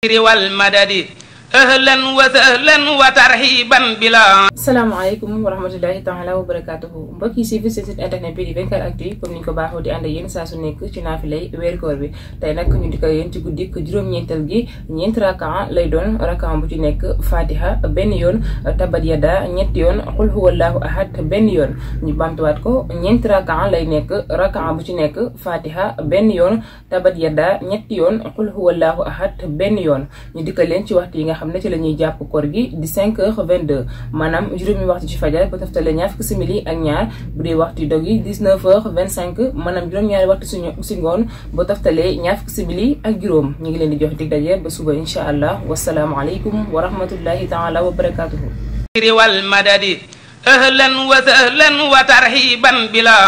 riwal madadi ahlan wa sahlan wa tarhiban bila salaamaaleykum wa rahmatullahi taala wa barakaatuhu mbokk yi si fi seen site internet bi di 24 actu yi comme ni ñu ko baaxoo di ànd ak yéen saa su nekk ci naafilay weer koor bi tey nag ñu di ko ci guddik juróom-ñeental gi ñeent rakaan lay doon rakaan bu ci nekk fatiha benn yoon tabat yada ñett yoon qul huwallahu ahad benn yoon ñu bamtuwaat ko ñeent rakaan lay nekk rakaan bu ci nekk fatiha benn yoon tabat yada ñett yoon qul huwallahu ahad benn yoon ñu di ko leen ci waxtu yi nga xam ne ci la ñuy jàpp koor gi di 5 heures 22 maanaam juróomi waxtu ci fajar ba taftale ñaar fukki simili ak ñaar bu dee waxtu dog yi 19 heures 25 maanaam juróom-ñaari waxtu suñu si ngoon ba taftale ñaar fukki simili ak juróom ñu ngi leen di jox dig daje ba suba incha allah wasalaamualeykum wa rahmatullahi taala wa barakatuhu. wal madadi ahlan wa sahlan wa